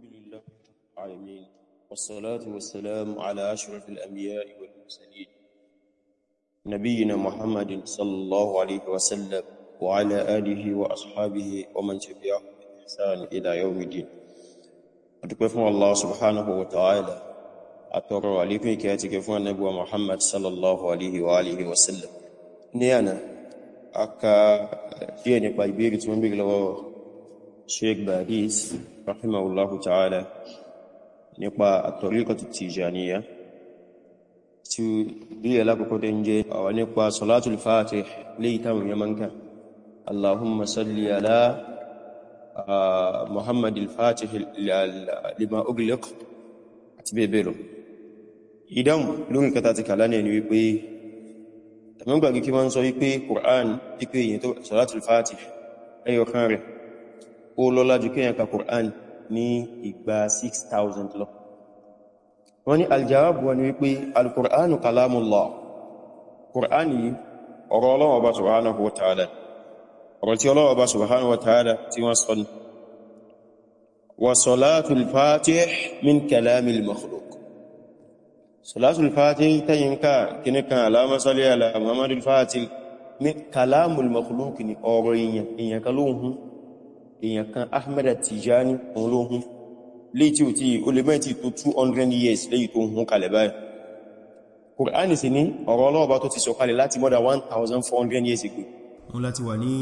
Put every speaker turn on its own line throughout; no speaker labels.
الحمد لله العالمين والصلاة والسلام على أشرف الأنبياء والمرسلين نبينا محمد صلى الله عليه وسلم وعلى آله وأصحابه ومن تبعه بإحسان إلى يوم الدين أتكفون الله سبحانه وتعالى أترى عليكم كاتكفون نبوة محمد صلى الله عليه وآله وسلم نيانا أكا فيني بايبيري تنبيك لغوه Sheikh Badis rahimahullahu ta'ala nípa at-tariqatu Tijaniyya tí bí alákòókò tó ń jẹ́ àwọn nípa Salatul Fatih lè táwọn yamanka Allahumma salli ala Muhammad al-Fatih lima ugliq àti bẹ́ẹ̀ lọ idan lórí kata ti kàlá ní ẹni wípé tàbí gbàgbé kí wọ́n sọ wípé Qur'an wípé èyí tó Salatul Fatih ẹyọ rẹ̀ ó lọ́lá jù kíyàn ka Qur'an ní ìgbà 6,000 lọ wọ́n ní aljawabu wọ́n ní wípé al-Qur'anu kalamullah Qur'an yìí ọ̀rọ̀ Ọlọ́run Ọba subhanahu wa ta'ala ọ̀rọ̀ tí Ọlọ́run Ọba subhanahu wa ta'ala tí wọ́n sọ ní wa salatul fatih min kalamul makhluq ni ọ̀rọ̀ ìyẹn èèyàn kan Ahmed Tijani òun ló hun léyìí tí ó ti olèmẹ́tì tó 200 years léyìí tó hun kalẹ̀ báyìí Kùránì sì ní ọ̀rọ̀ ọlọ́ọ̀bá tó ti sọ̀kalẹ̀ láti mọ́dá 1400 years ago wọ́n láti wà ní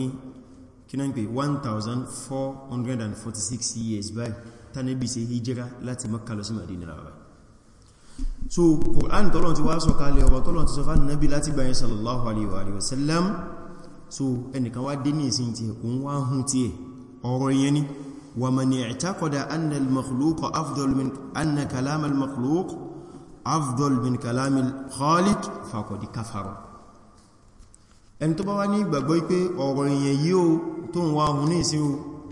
kínánpé 1446 years báyìí tánẹ́bí ṣe hijira láti Mọ́kà lọ sí Madina rárá so Qur'an tọ́lọ̀ ti wá sọ̀kalẹ̀ ọ̀rọ̀ tọ́lọ̀ ti sọ fún Ànábì láti gbáyẹn sallallahu alaihi wa sallam so ẹnìkan wá dé ní ìsìn tí ẹkùn wá hún tí ẹ̀ ọ̀rọ̀ yẹn ni wa man i'taqada anna al-makhluqa afdal min anna kalam al-makhluq afdal min kalam al-khaliq faqad kafara ẹni tó bá wá ní ìgbàgbọ́ pé ọ̀rọ̀ yẹn yìí ó tó ń wá ohun ní ìsìn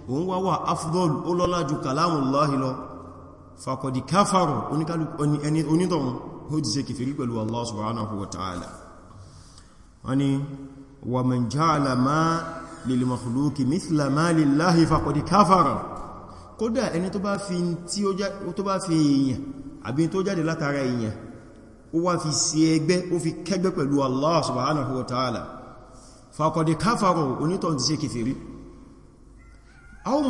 òun wá wà afdal ó lọ́lá ju kalamullahi lilmakhluqi mithla ma lillahi faqad kafara kódà ẹni tó bá fi tí ó bá fi èèyàn àbí tó jáde látara èèyàn ó wá fi sí ẹgbẹ́ ó fi kẹgbẹ́ pẹ̀lú Allah subhanahu wa ta'ala faqad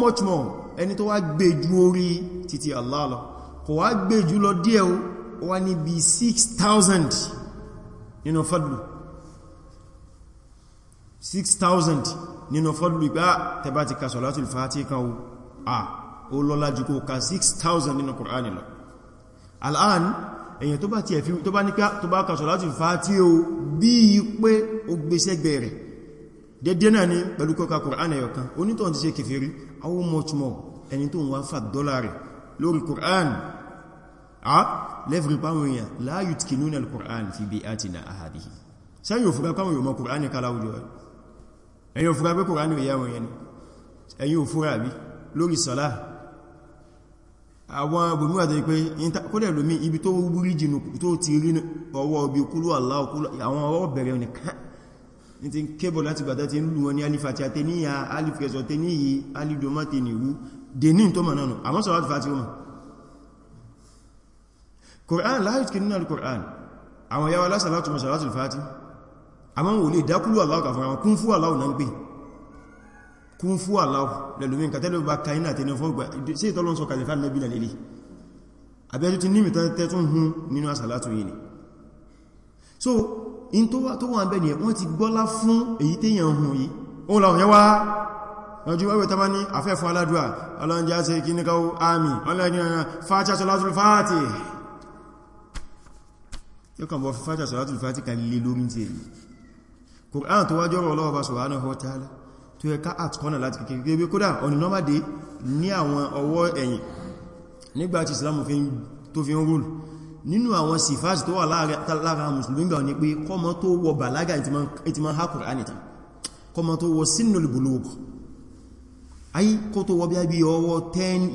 much more ẹni tó wá gbé ju orí títí Allah lọ kò wá gbé jù lọ díẹ̀ ó 6,000 nínú fọ́lù ìgbà tẹbá ti ka sọ̀látùl fàtí kan o à ó lọ́lá jù kó ka 6,000 nínú Kùránì lọ al'an èyàn tó bá ti ẹ̀fí tó bá ní tó bá ka sọ̀látùl fàtí o bí i pé ó gbéṣẹ́ gbẹ̀rẹ̀ dédé náà ni pẹ̀lú kọ́ka Kùránì ẹ̀yọ̀kan onítọ̀ ti ṣe kèfèrí how much more ẹni ẹ̀yin òfúra pé kòránì ò yáwọn yẹn ni ẹ̀yin òfúra bí lórí sọ́lá àwọn obìnrin àti pé kódẹ̀ lómi ibi tó wúrí jìnà tó ti rí ọwọ́ obi kúlú aláwọ̀kúlú àwọn ọwọ́ bẹ̀rẹ̀ nìkan ní ti kébọ̀ láti gbàtà ti ń lù wọn ní alifati àtẹníyà alifẹsọ tẹníyì alidoma tẹníwú dẹni tó mọ̀ náà àmọ́ sọ̀rọ̀ àti fatima Qur'an láyé kìnnà Qur'an àwọn yàwó lásàlátù mọ̀ sọ̀rọ̀ àti fatima àmọ́ wò lè dákúrú aláwọ̀ kàfà àwọn kún fún aláwọ̀ náà ń pè kún fún aláwọ̀ lẹ́lùmí nǹkan tẹ́lẹ̀ bá káyínà tẹ́lẹ̀ fún ọgbà sí ìtọ́lọ́nsọ kàlífà nẹ́bí nà lélẹ̀ abẹ́jú ti nímì tẹ́tún so in tó wà tó wà ń bẹ̀ ni wọ́n ti gbọ́lá fún èyí tẹ́yàn hun yìí òun làwọn yẹn wá ọjú ẹwẹ̀ tọ́bá ní afẹ́fún aládùá ọlọ́njẹ́ àti kíníkàwó àmì ọlọ́njẹ́ fàájá kan lè lómi tí èyí Qur'an tó wájọ́ rọ̀ lọ́wọ́ subhanahu wa ta'ala tó yẹ ká àtùkọ́nà láti kékeré bí kódà ọ̀nà normal day ní àwọn ọwọ́ ẹ̀yìn nígbàtí Islam tó fi ń rúl nínú àwọn sífàsì tó wà lára mùsùlùmí gbà ní pé kọmọ tó wọ bàlágà ìtì ma ha Qur'an ìtàn kọmọ tó wọ sinnul bulugh ayí kó tó wọ bí i ọwọ́ 10 11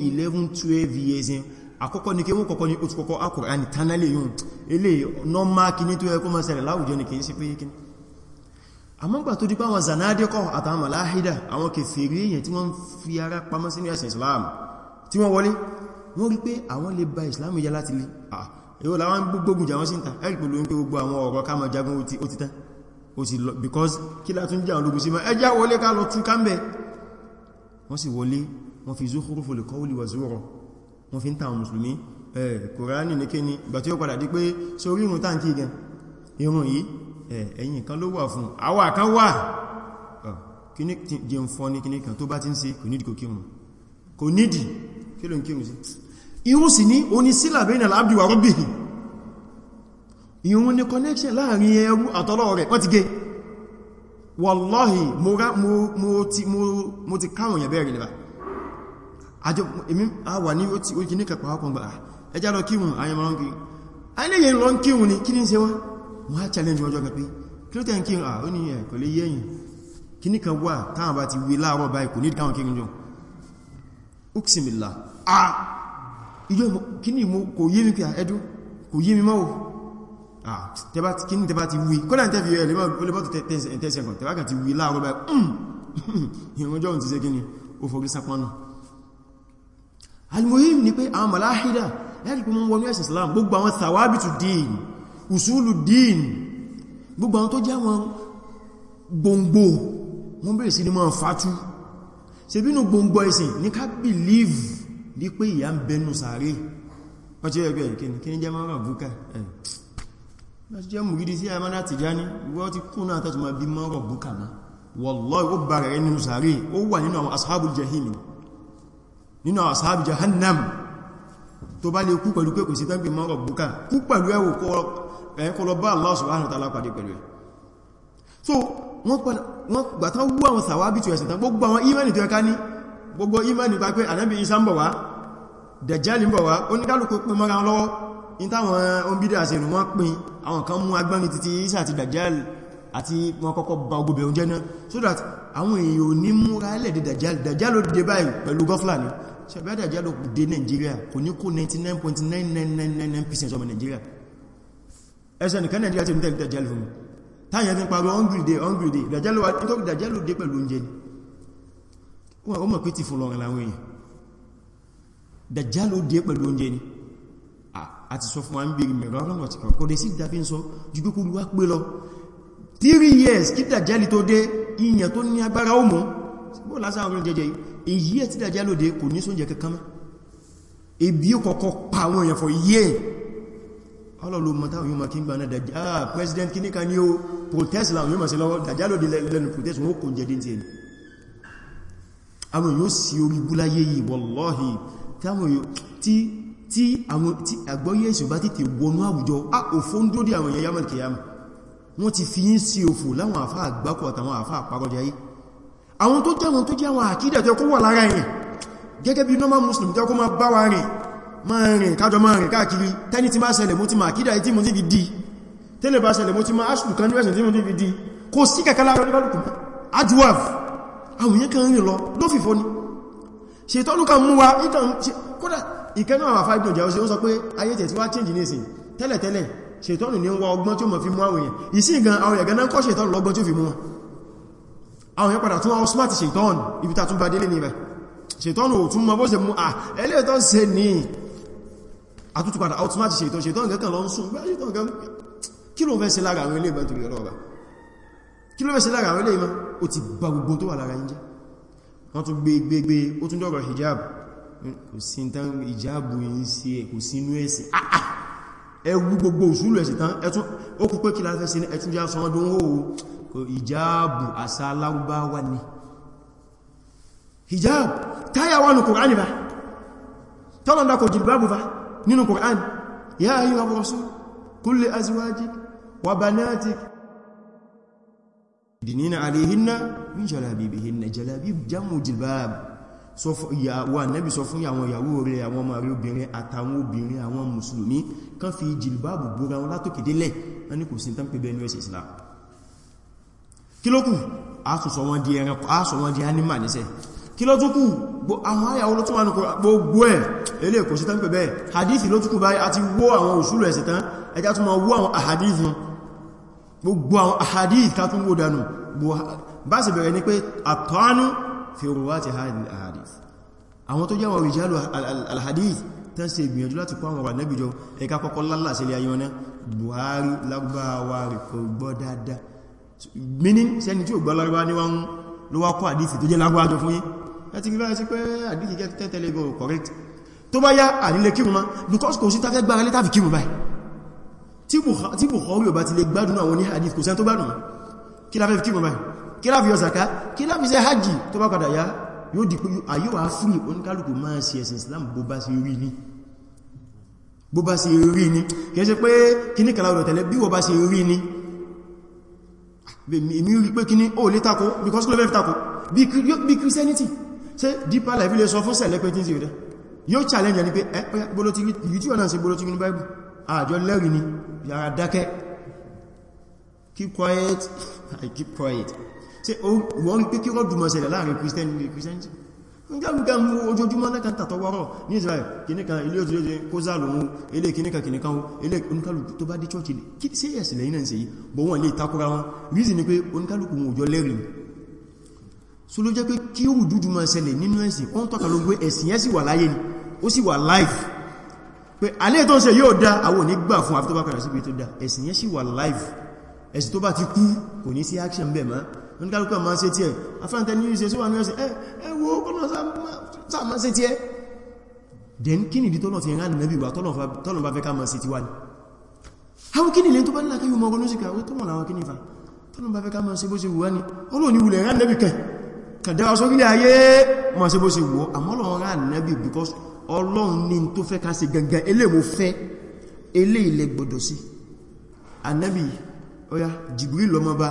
12 years in àkọ́kọ́ ní kí wọ́n kọ́kọ́ ní ó ti kọ́kọ́ Qur'an àmọ́gbà tó dípá àwọn zanadikọ̀ àtàwọn malahida àwọn kèfèrí èyàn tí wọ́n fi ara pamọ́ sínú ẹ̀sìn islam tí wọ́n wọlé wọ́n rí pé àwọn lè ba islam yá láti lè ààrẹ láwọn gbogbogun jà wọ́n sí ń ta ẹ̀rì pẹ̀lú ń pé gbogbo àwọn because kí látún jà ológun sí máa ẹjá wọlé ká lọ tún kámbẹ̀ wọ́n sì wọlé wọ́n fi ni ìgbà tí ó padà di pé sórí ìrùn ẹ̀yìn kan ló wà fún àwa kan wà kíní jẹ ń fọ́ ní kíní kan tó bá ti ń ṣe kò nídìí kò kírun kò nídìí kí ló ń kírun sí irun sì ní oní sílà bẹ́ẹ̀nà láàbdì wà rọ́bì irun ní connection láàrin ẹrú àtọ́lọ́ rẹ̀ wọ́n ti gé wallahi mo ti káwọn yẹ̀ bẹ́ẹ̀rẹ̀ nípa àjọ èmi àwà ní ó ti ó kìíní kẹpàá ọkùnrin ẹjá lọ kírun ayẹmọ́ lọ́nkírun ayẹlẹ́yẹ lọ́nkírun ni kí ní ṣe wọ́n wọ́n á challenge ọjọ́ pẹ̀pẹ́ kí ló tẹ́yìn kí à ah, ó ní ẹ̀kọ́ eh, lè yẹ́yìn kí ní kan wà táwọn bá ti wí láàárọ̀ báyìí kò ní káwọn kí jọ uksimila a ah! ijó kí ní mo kò yé mi pé ah, ẹdú kò yé mi mọ́wọ́ kí ní tẹbá ti wí kọ́lá tẹ́fì rẹ̀ lébọ́tù tẹ́sẹ̀kọ̀ tẹbá kan ti wí láàárọ̀ báyìí hmm, hmm, hmm. ìrànjọ́ ti ṣe kí ni almuhim ni pé àwọn malahida láti pé mọ́ wọ́n Islam gbogbo àwọn thawabitu dìí usulu din gbogbo àwọn tó jẹ́ wọn gbòǹgbò wọ́n bèèrè sí ní máa fàtú ṣe bínú gbòǹgbò ẹ̀sìn ní ká believe ní pé ìyá ń bẹnu sàárè ọjọ́ ẹgbẹ́ ìkíni kí ní jẹ́ mara búkà ẹ̀ jẹ́ mùgídí sí àmàdà Tìjání wọ́n ti kún náà tàtù máa bí mara búkà ma wallahi ó bá rẹ̀ nínú sàárè ó wà nínú àwọn ashabul jahim nínú àwọn ashabul jahannam tó bá lè kú pẹ̀lú pé kò sí tán bí mara búkà kú ẹ̀yìn kọlọ bá Allah subhanahu wa ta'ala pàdé pẹ̀lú ẹ̀ so wọ́n gbàtà wú àwọn sàwábí tí ẹ̀sìn tán gbogbo àwọn imani tí ó ká ní gbogbo imani bá pé ànábì Isa ń bọ̀ wá dẹ̀jẹ́lì ń bọ̀ wá oníkálùkù pín mọ́ra wọn lọ́wọ́ in táwọn ombídẹ̀ àṣẹ̀rù wọ́n pín àwọn kan mú agbárin títí Isa àti dẹ̀jẹ́lì àti wọn kọ́kọ́ ba ogobẹ̀ oúnjẹ náà so that àwọn èèyàn ò ní múra ilẹ̀ dẹ̀jẹ́lì dẹ̀jẹ́lì ó dé báyìí pẹ̀lú gọ́fúlà ni ṣẹ̀bẹ́ dẹ̀jẹ́lì ó dé Nàìjíríà kò ní kó 99.9999% ọmọ Nàìjíríà ẹsẹ̀ nìkan nàìjíríà ti mítẹ̀lẹ̀ dàjálù fún mi táyẹ̀ ti ń parí hungry day hungry day dàjálù wà tó dàjálù dé pẹ̀lú oúnjẹ ni wọ́n ọmọ pé ti fòlọ̀rìn láwọn èèyàn dàjálù dé pẹ̀lú oúnjẹ ni a ti sọ fún wa ń bèèrè mẹ̀rọ ọlọ́run ti kọ̀kọ́ dé sí ìdáfí ń sọ ju pé kó lúwá pé lọ 3 years kí dàjálù tó dé ìyàn tó ní agbára ó pa àwọn èèyàn ọlọ́lọ́ mọ̀ táwọn yóò máa kí ń gbà náà dàjá ah president kí ní ká ní ó protest láwọn yóò máa sí lọ́wọ́ dàjá lòdì lẹ́nu protest wọ́n kò jẹ́ díntì ẹni àwọn yóò sí orí búláyé yìí wallahi tí àgbọ́yé ìsìn bá títẹ̀ wọnú àwùjọ a òfó ń dódí àwọn èèyàn yamal kìyàmù wọ́n ti fi yí sí òfò láwọn àfá àgbákò àtàwọn àfá àparọjà yìí àwọn tó jẹ́ àwọn tó jẹ́ àwọn àkídà tó kó wà lára rìn gẹ́gẹ́ bí normal muslim tó kó máa bá wa rìn máa rìn kájọ máa rìn káàkiri tẹ́ni tí máa ṣẹlẹ̀ mú ti máa kídà tí mú ti fi di tẹ́lẹ̀ bá ṣẹlẹ̀ mú ti máa aṣùn kan lẹ́sìn tí mú ti fi di kò sí kẹ̀kẹ́ àwọn yẹn kan wa kódà ìkẹ́nà àwọn afá ìgbìyànjẹ́ ó sọ pé ayé change ní ìsìn tẹ́lẹ̀tẹ́lẹ̀ ṣètọ́nù ní wa ọgbọ́n tí ó mọ̀ fi gan àwọn ẹ̀gẹ́ náà kọ́ ṣètọ́nù lọ́gbọ́n tí ó fi mú wọn àwọn èèyàn padà tún wọ́n smart ṣètọ́nù ibi tàtúnbadélé ní ibẹ̀ ṣètọ́nù ò tún mọ́ bó ṣe mú à ẹlẹ́ẹ̀tọ́ ṣe ní àtútù padà automatic ṣe ìtọ́ṣe tán gẹ́kàn lọ ń sùn gbáṣẹ́ tán gẹ́m kí ló fẹ́ ṣe lára àwọn ilé ìbọn torí ọ̀rọ̀ ọba kí ló fẹ́ ṣe lára àwọn ilé ìmọ̀ ó ti bá gbogbo tó wà lára yín wọ́n tún gbé gbé gbé ó tún dọ̀rọ̀ hijab hmm, kò sí tán hijab yìí sí ẹ̀ kò sí inú ẹ̀sìn ah, ah! ẹwú gbogbo òṣùlù ẹ̀sìn tán ẹtún ó kú pé kí la fẹ́ ṣe hijab àṣà lárúbáwá ni hijab táyà wà nínú Qur'an ya ayyuha ar-rasul qul li azwajik wa banatik dinina alayhinna min jalabibihinna jalabib jamu jilbab sọ fún ìyàwó ànábì sọ fún àwọn ìyàwó rẹ̀ àwọn ọmọ rẹ̀ obìnrin àtàwọn obìnrin àwọn mùsùlùmí kan fi jìlbáàbù bóra wọn látòkèdélẹ̀ wọ́n ní kò sí tán pé bẹ́ẹ̀ ní Islam kí lókù a sọ wọ́n di ẹranko a sọ wọ́n di animal níṣẹ́ kí ló túnkù àwọn àyàwó ló tún wà nùkọ̀ gbogbo ẹ̀ ilé ẹ̀kọ́ sí tán pẹ̀ bẹ́ẹ̀ hadithi ló túnkù báyìí àti wó àwọn òṣùlù ẹ̀sẹ̀ tán ẹjá tún ma wó àwọn ahadith wọn gbogbo àwọn ahadith ká tún wó dànù bá sì bẹ̀rẹ̀ ní pé àtọ́ánú fi òrùwá ti ahadith àwọn tó jẹ́wọ̀n rijalu alhadith tán ṣe ìgbìyànjú láti kó àwọn wànẹ́bìjọ ẹka kọ́kọ́ lálà sí ilé ayé wọn meaning sẹ́ni tí ò gbọ́ lárúbá ní wọ́n ló wá kọ́ àdífì láti rí báyìí sí pé àdíkì kẹ́ tẹ́lẹ̀ correct tó bá yá ànílé kírùn máa because kò sí tafẹ́ gbára létàfi kírùn báyìí tí Bukhari ò bá ti lè gbádùn àwọn ní hadith kò sẹ́ tó gbádùn kí láfẹ́ fi kírùn báyìí kí láfi yọ zaka kí láfi ṣe hajj tó Islam bó bá ṣe rí ní bó bá ṣe rí ní kìí ṣe pé kíní kan láwọ̀rọ̀ ní ó lé tako because kí ló fẹ́ fi tako bí Christianity ṣe deeper life ilé sọ fún sẹ̀lẹ́ pé tí ń sí rẹ̀ yóò challenge ẹni pé ẹ́ pẹ́yà bólótí youtube náà sí bólótí ní bible àjọ lẹ́rì ni yàrá dákẹ́ keep quiet i keep quiet ṣe wọ́n rí pé kí wọ́n dùmọ̀ sẹ̀lẹ̀ láàrin christian ilé christian gbàmgbàm ojoojúmọ́ náà kan tàtọ̀ wọ́rọ̀ ní israel kìníkan ilé òjòjò kózà lòun ilé kìníkan kìníkan ilé oníkàlùkù tó bá dé chọ́ọ̀chì sí ẹ̀sìlẹ̀ iná ìsẹ̀yí bọ̀ wọ́n lè takura wọn rízi ni pé oníkàlùkù òjò lẹ́rìn so ló jẹ́ pé kí ó rùdúdú máa ṣẹlẹ̀ nínú ẹ̀sìn ó ń tọ́ka ló gbé ẹ̀sìn yẹn sì wà láyé ni ó sì wà live pé alẹ́ tó ń ṣe yóò dá àwọn òní gbà fún àfi tó bá tó dá ẹ̀sìn yẹn sì wà live ẹ̀sìn tó bá ti action bẹ̀ mọ́ wọn ká lókàn máa ṣe tí ẹ afẹ́ntẹ́ ní ìṣẹ́ síwà ní ẹ̀sìn ẹ wo kọ́nà sáà máa ṣe tí ẹ then kí nìdí tọ́lọ̀ ti rán nẹ́bí wà tọ́lọ̀ bá fẹ́ ká máa ṣe ti wà ní àwọn kí nìlẹ́ tó bá nílá kí yóò mọ́ ọgbọ́n lóṣìkà kàdára sórílẹ̀ ayé ma ṣe bó ṣe wọ́ àmọ́lọ́run rán ànábì because ọlọ́run ní tó fẹ́ ká ṣe gangan ilé mo fẹ́ ilé ilẹ̀ gbọ́dọ̀ sí ànábì ọya jìbìrí lọ́mọ bá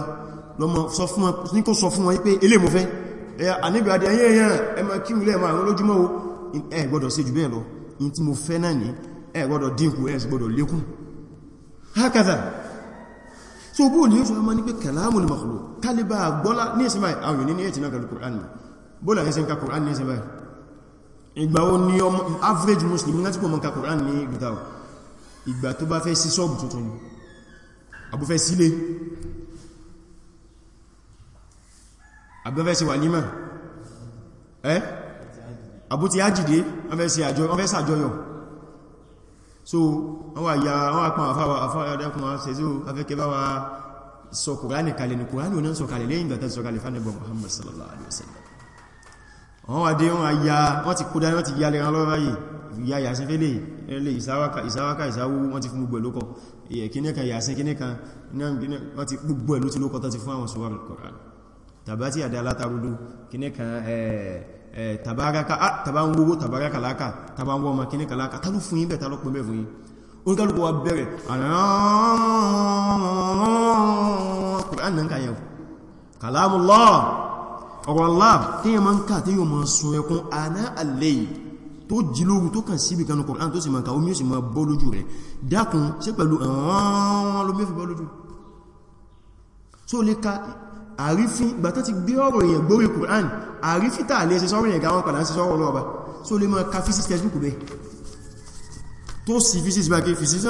lọ́mọ sọ fún wọn pé ilé mo fẹ́ ànábì adé ayé èèyàn ẹ ma kí ilé ma o ẹ gbọ́dọ̀ ṣe jù bẹ́ẹ̀ lọ in tí mo fẹ́ náà ní ẹ gbọ́dọ̀ dínkù ẹ gbọ́dọ̀ lékún so bó ní ìfẹ́ ọmọ ní pé kalamul makhluq kálíbà gbọ́lá ní ìsinmi àwọn ní ẹ̀tì náà kàlù Qur'an ní bóòlà ẹ̀sìn ka Qur'an ní ìsinmi ìgbà ó ní ọmọ average Muslim láti pọ̀ mọ́ ka Qur'an ní ìgbìta ìgbà tó bá fẹ́ sí sọ́ọ̀bù tuntun ni sílé àbúfẹ́ sí wàlímà ẹ́ àbúti ájìdé wọ́n fẹ́ sí so wọ́n wà yà wọ́n àpá àfáwà àfáàdẹ́kùn wọn ṣe so afẹ́kẹ́ bá wa sọ kùránì kalẹ̀ ní kùránì oní sọ kalẹ̀ lẹ́yìn gbàtà sọ kalẹ̀ fánàbọ̀ Muhammad sallallahu alaihi wasallam wọ́n wà dé wọ́n àyà wọ́n ti kúdá wọ́n ti yà lẹ́ran lọ́rọ̀ yìí yà yàsín fẹ́lẹ̀ ẹlẹ́ ìsáwákà ìsáwákà ìsáwó wọ́n ti fún gbogbo ẹ̀lókọ̀ èyẹ kíníkan yàsín kíníkan wọ́n ti gbogbo ẹ̀ló ti lókọ̀ tó ti fún àwọn sọ́wọ́rọ̀ kọ̀rán tàbátí àdá látàrúdú Eh, tàbáraka ah tàbá ń wówó tàbáraka láka tàbá ń wọ́ ọmọ kíníkà láka tàbí fún yín bẹ́ẹ̀ tàbí pín bẹ́ẹ̀ fún yín oníkálùkù wa bẹ̀rẹ̀ Kùránì náà kàyẹ̀ kalamullah ọ̀rọ̀ Allah tí yẹ ma ń ká tí yóò ma sun ẹkún àná àlè tó jìlógún tó kàn síbi kanú Kùránì tó sì ma ká omi ó sì ma bọ́ lójú rẹ̀ dákun sí pẹ̀lú àwọn olómi àrífí gbàtán ti gbé ọ̀rọ̀ èèyàn gbórí Qur'an àrífí tàà lè ṣe sọ́rọ̀ èèyàn gáwọn padà ń ṣe sọ́rọ̀ ọlọ́ọ̀bá so lè máa ka physics textbook bẹ́ tó sì physics bá ké physics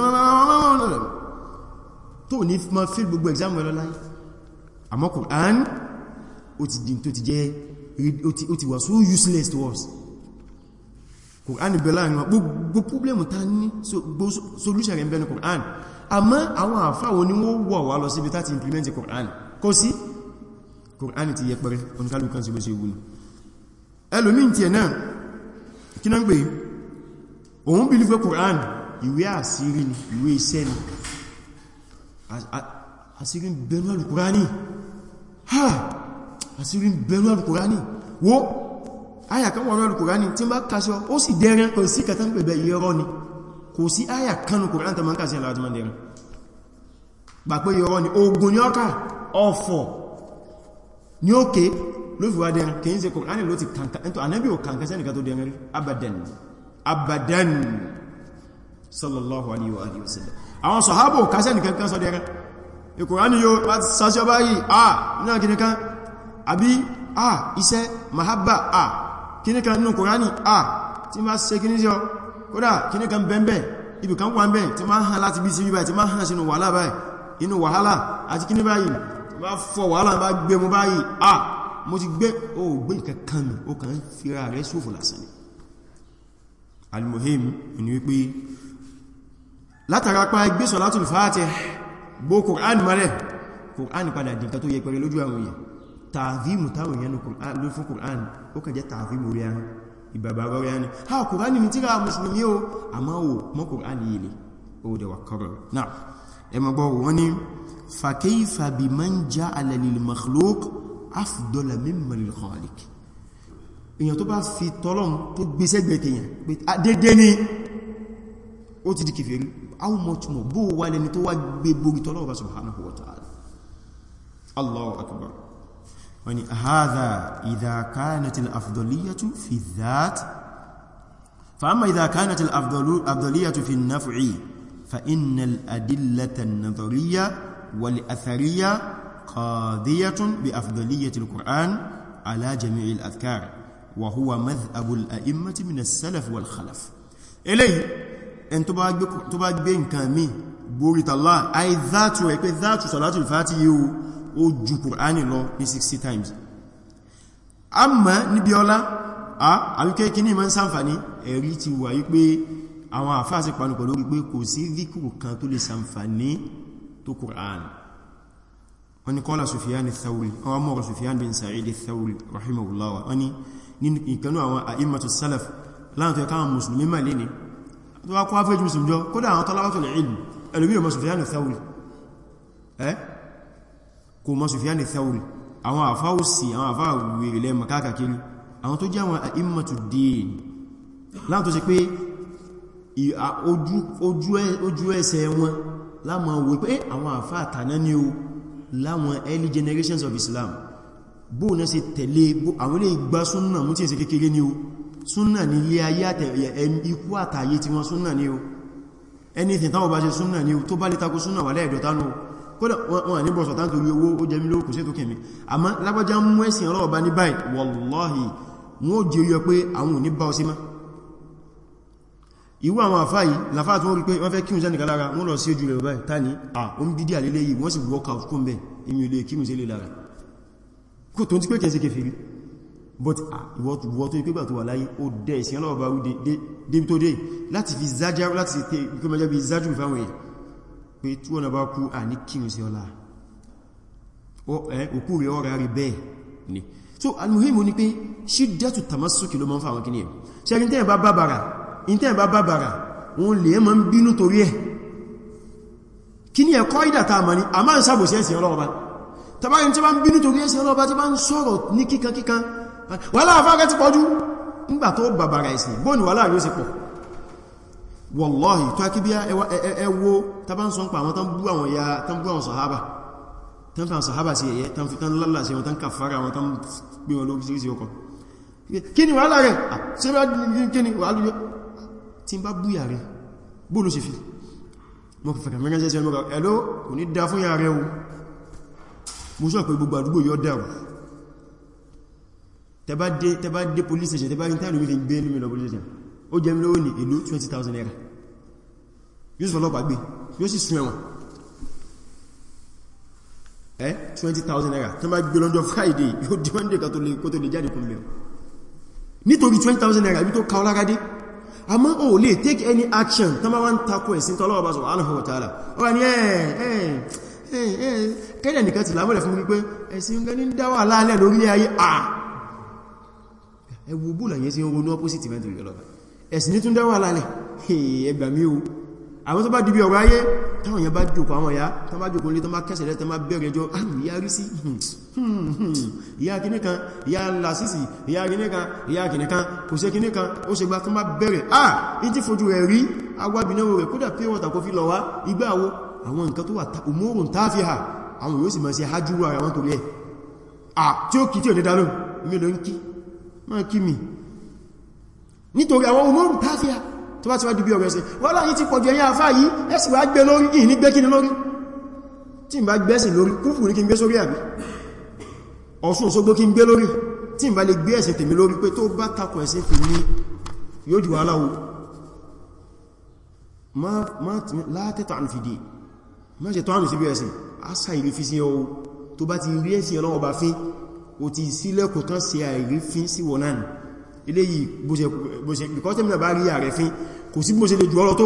tó ní ma fi gbogbo exam rẹ̀ lọ́lá àmọ́ Qur'an ó ti dín tó ti jẹ́ ó ti wà so useless to us Qur'an bẹ̀ láàrin wa gbogbo problem ta ní solution rẹ̀ ń bẹ́nu Qur'an àmọ́ àwọn àfáwọn ni wọ́n wọ̀ wá lọ síbi láti implement Qur'an kò sí kùránì ti yẹpẹrẹ oníkálùkán sí bó ṣe wùlù ẹlòmí tí ẹ̀ náà kí náà ń pè òun bí lífẹ́ kùrán ìwé àsírí ni ìwé iṣẹ́ ni àsírí ń bẹnu ha àsírí ń bẹnu wo áyà kan wọ́n alùkùránì tí bá kásọ ó sì dẹ́rẹ́ kò sí kàtà ń pẹ̀bẹ̀ ni kò sí áyà kanu kùrán tàbí kásí ni ogun ni ọkà ọ̀fọ̀ ní òkè ló fi wá dẹ̀rin kìí ṣe kòránì ló ti kànkà ẹ̀ntọ́ anábí ò kànkà sẹ́nìkà tó dẹ̀rin abadan abadan sallallahu alaihi wa alihi wasallam àwọn sọ̀hábò ò kàṣẹ́ nìkan kan sọ dẹ̀rin ìkòránì yóò bá sásíọ báyìí ah náà kìí kan àbí ah iṣẹ́ mahabba ah kìí kan nínú kòránì ah tí ma ṣe kìí yọ kódà kìí kan bẹ́ẹ̀ ibìkan wà bẹ́ẹ̀ tí ma hàn láti bí sí bá fọ́ wàhálà bá gbé mú báyìí à mo ti gbé o gbé nǹkan kan mi o kàn fira rẹ̀ sófò lásán ni almuhim ni wípé látara pa gbé Salatul Fatih bó Qur'an mọ́lẹ̀ Qur'an padà dìnkà tó yẹ pẹ̀rẹ lójú àwọn èèyàn tààzímù ló fún Qur'an ó kàn jẹ́ tààzímù ha Qur'an ni tíra musulmi o àmá o mọ́ Qur'an yìí ni ó dẹwà فكيف بمن جعل للمخلوق افضل مما للخالق ايان تو في تولون تو غيسه او تي ديكيفير او موت مو بو وله ني تو وا غبي سبحانه وتعالى الله اكبر يعني هذا اذا كانت الافضليه في الذات فاما اذا كانت الافضليه في النفع فان الادله النظريه والأثرية قاضية بأفضلية القرآن على جميع الأذكار وهو مذهب الأئمة من السلف والخلف إليه أن تباك بين كامي بوريت الله أي ذات ويكوي ذات صلاة الفاتحة ojú kùránì lọ ní 60 times amma níbi ọlá àwíkẹ́ kí ní ma ń sàǹfàní ẹ̀rí ti wà yí pé àwọn àfáàsì panupọ̀ lórí pé kò sí díkùrù kan tó lè sàǹfàní tó Qur'an wọ́n ni kọ́lá Sufyan al-Thawri wọ́n mọ́rọ̀ Sufyan bin Sa'id al-Thawri rahimahullah wọ́n ni ìkanú àwọn a'immatu salaf láàrín tó káwọn musulmi ma lè ní tó wá kó áfẹ́jì musulmi jọ kódà àwọn talabatul ilm ẹlùmí o láwọn wò pé eh, àwọn àfá àtàná ní o láwọn early generations of Islam bó náà ṣe tẹ̀lé àwọn ilé ìgbà súnnà mú tí èsì kékeré ní o súnnà ní ilé ayé ikú àtàyé tí wọ́n súnnà ní o anything táwọn bá ṣe súnnà ní o tó bá lè takú súnnà wà lẹ́ẹ̀dọ̀tánú kódà wọn ní bọ̀sọ̀ tán torí owó ó jẹmí lóòkù sí tó kẹ̀mí àmọ́ lágbàjá mú ẹ̀sìn ọlọ́ọ̀bá ní báyìí wallahi wọ́n ó jẹ́ yọ pé àwọn ò ní bá ọ sí máa ìwú àwọn àfá yìí láfá tó rí pé wọ́n fẹ́ kí oúnjẹ́ nìkan lára wọ́n lọ sí ojú rẹ̀ báyìí tání à o ń bí díà lélé yìí wọ́n sì work out kún bẹ̀ inú ilé kí oúnjẹ́ lè lára kò tó ń tí pé kẹsí kẹfìrí but ìwọ́ tó ìpégbà tó wà láyé ó dẹ̀ ìsìn ọlọ́wọ́ bá débi tó dé láti fi ni so almuhimu ni pé ṣídẹ́tù tamassuki ló mọ́ fáwọn kí ni ẹ̀ ṣẹ́rin tẹ́yẹ̀ bá ìtẹ́ bá bàbàrà òun lè mọ́ ń bínú torí ẹ̀ kí ní ẹ̀kọ́ ìdàta àmà ní a máa ń sàbòsí ẹ̀sìn ọlọ́ọ̀bá tàbáyí tí bá ń bínú torí ẹ̀sìn ọlọ́ọ̀bá tí bá ń sọ̀rọ̀ ní kíkankíkan wà láàfáàkẹ́ ti pọ̀jú nígbà tó bàbàrà ẹ̀sìn bóòni wà láàrin ó sì pọ̀ wallahi tó akí bí ẹwọ tàbá ń sọ ń pa àwọn tán bú àwọn ya tán bú àwọn sàhábà tán fà sàhábà sí ẹ̀yẹ tán fi tán lálà kí ni wà láàrin tí n bá búyà rẹ̀ bóòlù sí fi mọ́ fẹ̀fẹ̀ mẹ́rin jẹ́ ẹmọ́ra ẹ̀lọ́ kò ní dá fún yà rẹ̀ o mú sọ pé gbogbo àdúgbò yọ dáa tẹbá dé police station tẹbá ríntà lórí gbé ní mìlọ police station ó jẹ́ mílò ní èlò 20,000 naira yóò sì fọlọ́pàá gbé yóò sì sun ẹ̀wọ̀n ẹ́ 20,000 naira tó bá gbé lọ́jọ́ Friday yóò di Monday kó tó lè jáde kún bẹ̀rẹ̀ nítorí 20,000 naira ibi tó ka ọlára dé àmọ́ o lè take any action tó máa wá ń takò ẹ̀sìn tọ́lọ́wọ́ bá subhanahu wa ta'ala ọ̀rọ̀ ni ẹ̀ẹ̀ kẹ́lẹ̀ nìkan ti lámọ́lẹ̀ fún wípé ẹ̀sìn ń gẹ́ni dáwà láàlẹ̀ lórí ayé à ẹwùbù làyẹ́ sí ogun ní opposite event ìrọ̀lọ́gbà ẹ̀sìn ní tún dáwà láàlẹ̀ ẹgbàmí o àwọn tó bá dìbí ọ̀rọ̀ ayé táwọn yẹn bá jòkó àwọn ìyá tó bá jòkó nílé tó bá kẹsẹ̀ lẹ́tọ́ bá bẹ̀rẹ̀ jọ ah, ìyá rí sí hmm, hmm, hmm, ìyá kìníkan ìyá lásìsì ìyá kìníkan ìyá kìníkan kò ṣe kìníkan ó ṣe gba tó bá bẹ̀rẹ̀ ah ìtí fojú rẹ̀ rí agbábináwó rẹ̀ kódà pé wọ́ta kó fi lọ wá igbáwo àwọn nǹkan tó wà òmórùn táfíà àwọn yóò sì mọ̀ sí hajjúwà ara wọn tó lẹ́ ah tí ó kì tí ò ní dálò mi ló ń kí mọ́ kí mi nítorí àwọn òmórùn táfíà tó bá ti wá dúbí ọ̀rẹ́ sí wọ́n láyé ti pọ̀jù ẹ̀yìn àfá yìí ẹ̀sì wá gbé lórí yìí ní gbékíní lórí tí n bá gbẹ́sì lórí kúfù ní kí n gbé sórí àbí Ọ̀ṣun Òṣogbo kí n gbé lórí tí n bá lè gbé ẹ̀sìn tèmi lórí pé tó bá takọ̀ ẹ̀sìn tèmi yóò jù wá láwo látẹ́tọ̀ àmì fìdí má ṣe tọ́ àmì sí bí ẹ̀sìn àṣà ìrífí sí ọ tó bá ti rí ẹ̀sìn ọlọ́wọ́ bá fín ó ti sílẹ̀kùn kan sí àìrífín sí wọ̀náà eléyìí bó ṣe because tẹ́mìnà bá rí ààrẹ fín kò sí bó ṣe lè jù ọ̀rọ̀ tó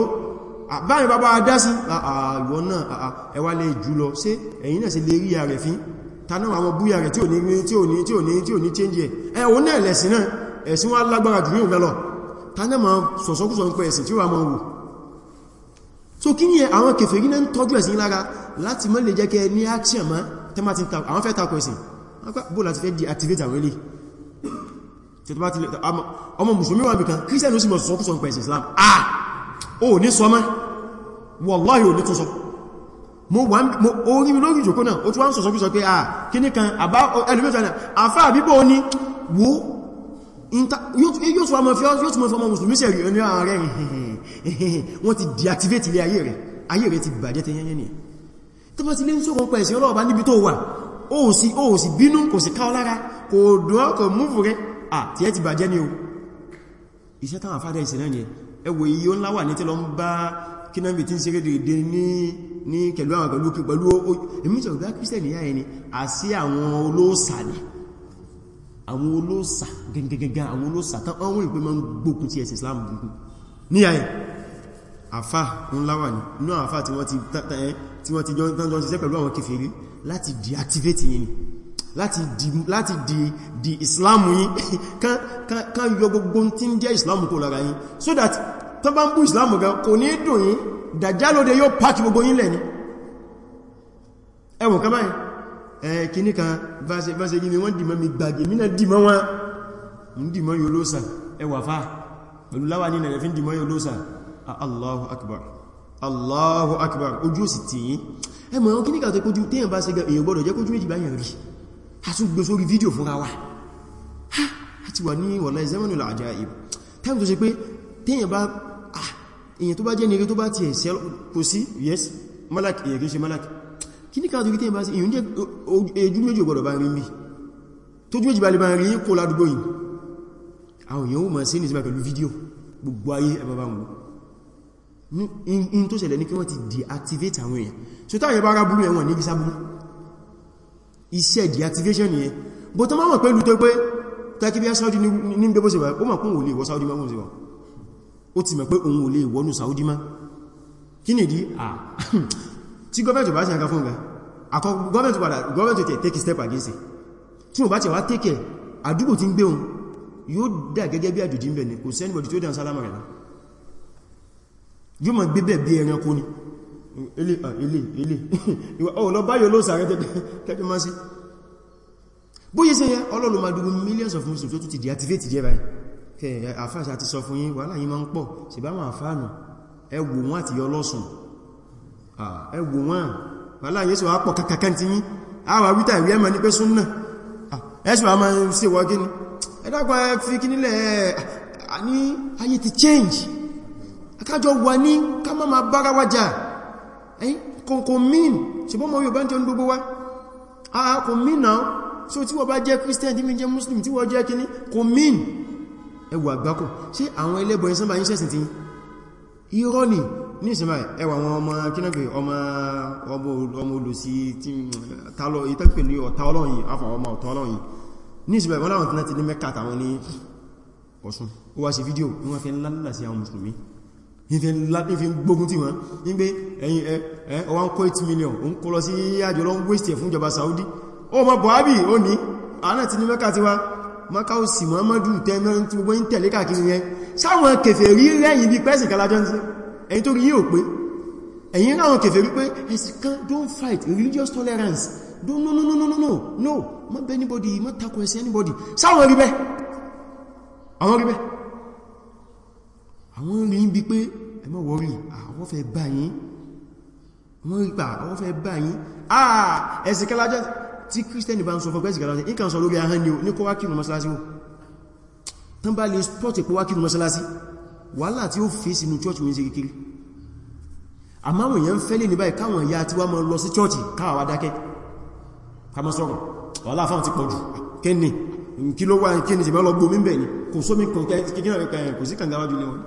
báyìí bá bá dá sí ààrùn náà ẹwà lè jù lọ ṣe ẹ̀yìn náà ṣe lè rí ààrẹ fín taná àwọn búyà rẹ̀ tí ò ní change ẹ̀ ẹ̀hùn náà lẹ̀sìn náà ẹ̀sìn wá lágbára jù yóò lọ taná ma sọ̀sọ́kúsọ̀ ń so kí ni àwọn kèfèrí náà ń tọ́jú ẹ̀sìn lára láti mọ́ action mọ́ tẹ́mà ti àwọn fẹ́ takọ̀ ẹ̀sìn tí tó bá ti lè ọmọ musulmi wà nìkan kírísẹ̀ ló sì mọ̀ sọ́kúsọ pẹ̀sì islam ah o ní sọ mẹ́ wallahi o ní tún sọ mo wà ní orí mi lórí ìjòkó náà o tún wá ń sọ sọ́kúsọ pé ah kí ní kan àbá ẹlùmẹ́ta náà afá àbíbò deactivate ilé ayé rẹ̀ ayé rẹ̀ ti bàjẹ́ tẹ yẹnyẹn ni tó bá ti lé ń sọ́kọ̀ pẹ̀sì ọlọ́ọ̀bá níbi tó wà ó sì bínú àti ah, ẹ ti bàjẹ́ ni o iṣẹ́ táwọn àfádà ìsẹ̀ náà ni ẹwọ iye ńlá wà ní tí lọ ń bá kínàmì tí ń ṣe rédèdè ní kẹlú àwọn pẹ̀lú pẹ̀lú emíṣẹ́ ọ̀gá kírísẹ̀nì yá ẹni àti àwọn olóòsà ni àwọn olóòsà gẹ́gẹ́gẹ́gẹ́ àwọn olóòsà tán ọwọ́ ìpé máa ń gbókun ti ẹ̀sìn Islam gbogbo ní ayẹ àfá ńlá wà ní inú àfá tí wọ́n ti jọ ń ṣiṣẹ́ pẹ̀lú àwọn kèfèrí láti deactivate yìí ni láti di láti di di islamu yín kan kan kan yọ gbogbo tí ń jẹ́ islamu kò lára yín so that tó bá ń bú islamu gan kò ní dùn yín dàjálóde yóò pàkì gbogbo yín lẹ̀ ní ẹwọ̀n kan báyìí ẹ kìní kan báṣe yí mi wọ́n dìmọ́ mi gbàgì mínà dìmọ́ wọn ń dìmọ́ yóò lóòsà ẹwà fà pẹ̀lú láwà ní nàìjíríà Allahu akbar Allahu akbar ojú òsì tí ẹ mọ̀ ẹ̀wọ̀n kìní kan tó kójú téèyàn bá ṣe gan èèyàn gbọ́dọ̀ a tún gbé sórí fídíò fúnra wa ha ti wà ní wallahi zamanul ajaib táìmù tó ṣe pé téèyàn bá èyàn tó bá jẹ́ nire tó bá ti ẹ̀sẹ̀ kò sí yes malak èyàn kìí ṣe malak kí ní káàkiri téèyàn bá sí èyàn jẹ́ ojú méjì gbọdọ̀ bá rí mi tó jú méjì bá lè bá rí kó ládùgbò yìí àwọn èyàn ó mọ̀ deactivate àwọn èyàn so táyẹ̀ bá rábúrú ẹ̀wọ̀n ní iṣẹ́ deactivation yẹn bó tó máa mọ̀ pẹ́lú tó pé takibia Saudi ní gbogbo sí wà ó mọ̀ kún òun lè wọ Saudi máa wọ́n ó ti mọ̀ pé òun ò lè wọ́nú Saudi máa kí ni ìdí tí gọ́ọ̀mẹ́ntì bá ti àga fún ga àkọ́ gọ́ọ̀mẹ́ntì padà gọ́ọ̀mẹ́ntì tẹ̀ take step against tí wọ́n bá ti wá take àdúgbò tí ń gbé òun yóò dà gẹ́gẹ́ bí àjòjì ń bẹ̀ ní kò sẹ́nìbọ̀dì tó dàn sálámà rẹ̀ yóò mọ̀ gbé ilé ilé ilé ìwà oh, ọ̀nà báyọ̀ ló sàárẹ́ tẹ́tẹ́ máa sí bóyí sí yẹ ọlọ́run ma dúgbù millions of muslims tó tún ti deactivate jẹ́ báyìí kẹ àfáàṣà ti sọ fún yín wàhálà yín máa ń pọ̀ sì bá wọn àfáànù ẹwò wọn àti ọlọ́sùn ẹwò wọn wàhálà yín sì wá pọ̀ kankan ti yín àwà wítà ìwé ẹmọ ní pé súnnà ẹ̀sùn àmà sí wọ́n gíní ẹ̀dàgbà fi kí nílẹ̀ ní ayé ti change akájọ wà ní ká má ma bára wájà ẹ̀yìn eh? kò mean ṣe bọ́ mọ́ yóò bá ń jẹ́ gbogbo wá àà kò mean náà so tí wọ́n bá jẹ́ Christian tí mi jẹ́ Muslim tí wọ́n jẹ́ kíní kò mean ẹwà àgbákò ṣe àwọn ẹlẹ́bọ̀ ẹ̀sán bá yín ṣẹ̀sìn tí irọ́ ni ní ìsinmi ẹwà wọn ọmọ kínáàkì ọmọ olùsí tí tálọ ìtẹ́pẹ̀ ní ọ̀tá ọlọ́yìn afọ ọmọ ọ̀tá ọlọ́yìn ní ìsinmi wọn láwọn tí wọ́n ti ní Mẹ́kà àtàwọn ní Ọ̀ṣun ó wá ṣe fídíò wọ́n ń lálàsí àwọn ìfẹ́ gbógun tí wọ́n ní pé ẹ̀yìn ẹ̀ ọwá ń kó 8 million o ń kó lọ sí àjò lọ ń wéṣtì ẹ̀ fún ìjọba Saudi o mọ̀ Buhari o ní àánà ti ní Mẹ́kà ti wá Mẹ́kà ó sì Muhammadu tẹ́mẹ́rin tí gbogbo ń tẹ̀lé káàkiri rẹ sáwọn kèfèrí rẹ̀yìn bí pẹ́sì kalájọ́ ń sí ẹ̀yìn tó rí yíò pé ẹ̀yìn ráwọn kèfèrí don't fight religious tolerance don't no no no no no no no mọ́ anybody mọ́ takò ẹ̀sì anybody sáwọn rí bẹ́ àwọn rí bẹ́ àwọn rí bí pé ẹ má wọ́rí àwọn fẹ́ bá yín wọ́n rí pa àwọn fẹ́ bá yín àà ẹ̀sìn kẹlájá tí kírísítẹ́nì bá ń sọ fọ́gbẹ́sì kẹlájá ní kàn sọ lórí ahán ni ó ní kọwá kírùn mọ́sálásí ó tán bá lè spọ́tì pọ́wá kírùn mọ́sálásí wàhálà tí ó fèé sínú chọ́ọ̀chì mi ń ṣe kékeré àmáwọn èèyàn fẹ́ lè ní báyìí káwọn ìyá tí wá mọ́ lọ sí chọ́ọ̀chì káwàwá dákẹ́ kàmọ́ sọ́rọ̀ wàhálà fáwọn ti pọ̀jù kẹ́ni kí ló wá kí ni ṣe mọ́ lọ gbómi bẹ̀ ni kò sómi kò sí kàngáwájú lé wọn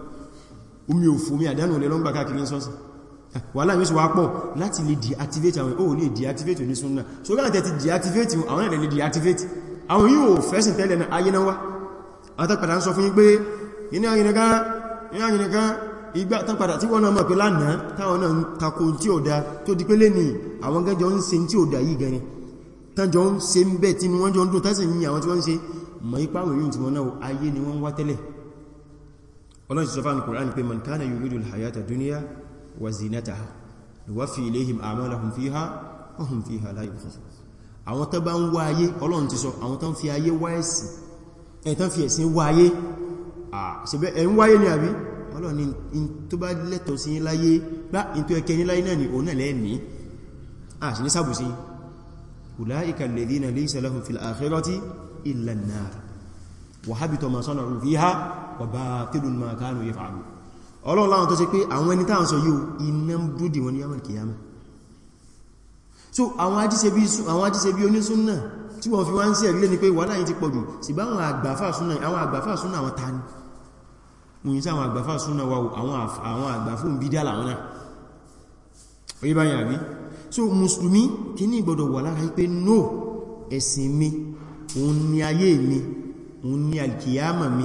omi òfò mi àdánù olè lọ́gbà káàkiri sọ́sì wà láàrin oṣù wá láti lè deactivate àwọn ò lè deactivate ní súnnà so gáà tẹ́ ti deactivate àwọn ẹ̀rẹ̀ lè deactivate àwọn yíò fẹ́sìn tẹ́lẹ̀ ayé náwá àtàpàdà ń sọ fún yín pé iná ayìnkan ìgbà tàpàdà tí wọ́n náà mọ̀ pé lánàá táwọn náà ń takò tí ó dá tó di pé lè ní àwọn gẹ́jọ ń ṣe tí ó dá yìí gẹni tánjọ ń ṣe ni wọ́n wá ọlọ́run sọ fánà kùránì pé man kana yuridu al-hayata duniya wa zinataha nuwaffi ilayhim a'malahum fiha wa hum fiha la yubkhasun àwọn tó bá ń wá ayé ọlọ́run ti sọ àwọn tó ń fi ayé wá ẹ̀sìn ẹ̀ tó ń fi ẹ̀sìn wá ayé ṣebẹ́ ẹ̀ ń wáyé ní àbí ọlọ́run ni tó bá lẹ́tọ̀ sí láyé bá in tó ẹkẹ́ ní láyé wa batilun ma kanu yaf'alu ọlọ́run láwọn tó ṣe pé àwọn ẹni táwọn sọ yóò iná dúdì wọn ní yamal kìyàmá so àwọn ajíṣẹ́ bí onísúnnà tí wọ́n fi wá ń sí ẹ̀rí lé ní pé wàhálà yìí ti pọ̀jù sì bá àwọn àgbàfà súnnà àwọn àgbàfà súnnà àwọn tani so mùsùlùmí kí ní ìgbọ́dọ̀ wà lára pé no ẹ̀sìn òun ni ayé mi òun ni alkiyama mi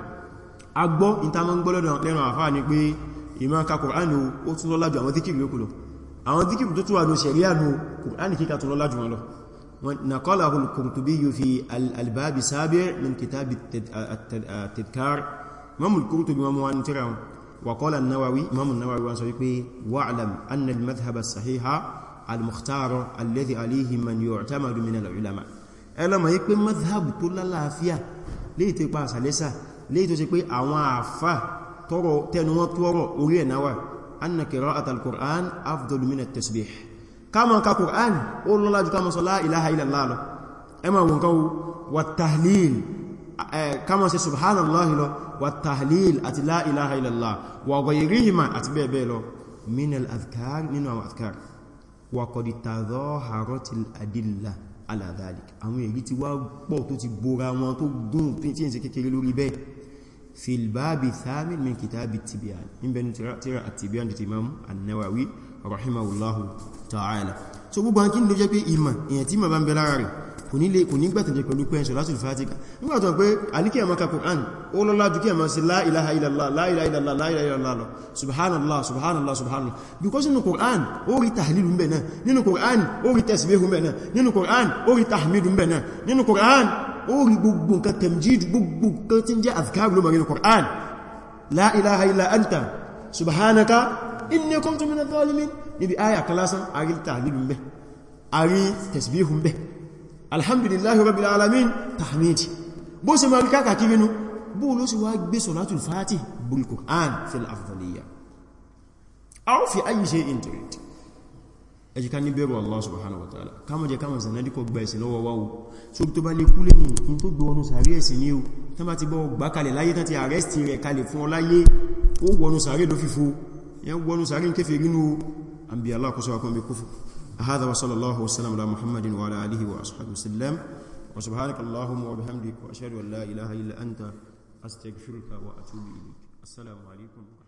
agbọ́ ìtàmọ́ gbọ́lọ́dọ̀ lẹ́nu àfáà ni pé ìmọ̀ ka kùránù ó tún lọ́lájú àwọn díkìrì lókù lọ àwọn díkìrì tó túwà ní ṣẹ̀ríà ní kùránì kíkà tún lọ́lájú wọn lọ nàkọ́lá hul kùrùtùbí yóò fi léyìí tó ṣe pé àwọn àfà tọrọ tẹnu wọn tọrọ orí ẹ̀ náwà anna qira'at al-Qur'an afdalu min at-tasbih kama ka Qur'an ó lọ́lá jù kama sọ la ilaha illallah lọ ẹ ma wọn kawo wa tahlil kama ṣe subhanallah lọ wa tahlil àti la ilaha illallah wa ghayrihima àti bẹ́ẹ̀ bẹ́ẹ̀ lọ min al àwọn èyí tí wá pọ̀ tó ti bóra wọn tó gún tí kékeré lórí bẹ́ẹ̀ في الباب الثامن من كتاب التبيان من بين ترى التبيان للإمام النووي رحمه الله تعالى so gbogbo ankin ló jẹ́ pé ìmọ̀ èyàn tí ma bá ń bẹ lára rẹ̀ kò ní lè kò ní gbàtàn jẹ́ pẹ̀lú pẹ́ẹ̀ṣọ́ láti fàtíkà nígbàtọ̀ pé alíkẹ́ ẹ̀mọ́ ka Qur'an ó lọ́lá jù kí ẹ̀mọ́ sí la ilaha illallah la ilaha illallah la ilaha illallah lọ subhanallah subhanallah subhanallah because nínú Qur'an ó rí tahlilu mbẹ̀ náà nínú Qur'an ó rí tasbihu mbẹ̀ náà ó rí gbogbo nǹkan tẹ̀mjíjù gbogbo nǹkan tí ń jẹ́ azkaru ló marinu Qur'an la ilaha illa anta subhanaka inni kuntu minaz zalimin níbi aya kan lásán àrí tààlìlù mẹ́ àrí tẹ̀sìbíhù mẹ́ alhamdulillahi rabbil alamin ẹ jẹ́ ká ní bẹ̀rù Allah subhanahu wa ta'ala kámọ̀ jẹ́ kámọ̀ sànádì kọ gba ẹ̀sìn lọ́wọ́ wáwó so tó bá lè kú lè nìkan tó gbé wọnú sàárè ẹ̀sìn ní o tán bá ti bọ́ gbá kalẹ̀ láyé tán ti àrẹ́sì rẹ̀ kalẹ̀ fún ọláyé ó wọnú sàárè ló fífo yẹn wọnú sàárè ń kéfèé nínú àbí alákòóso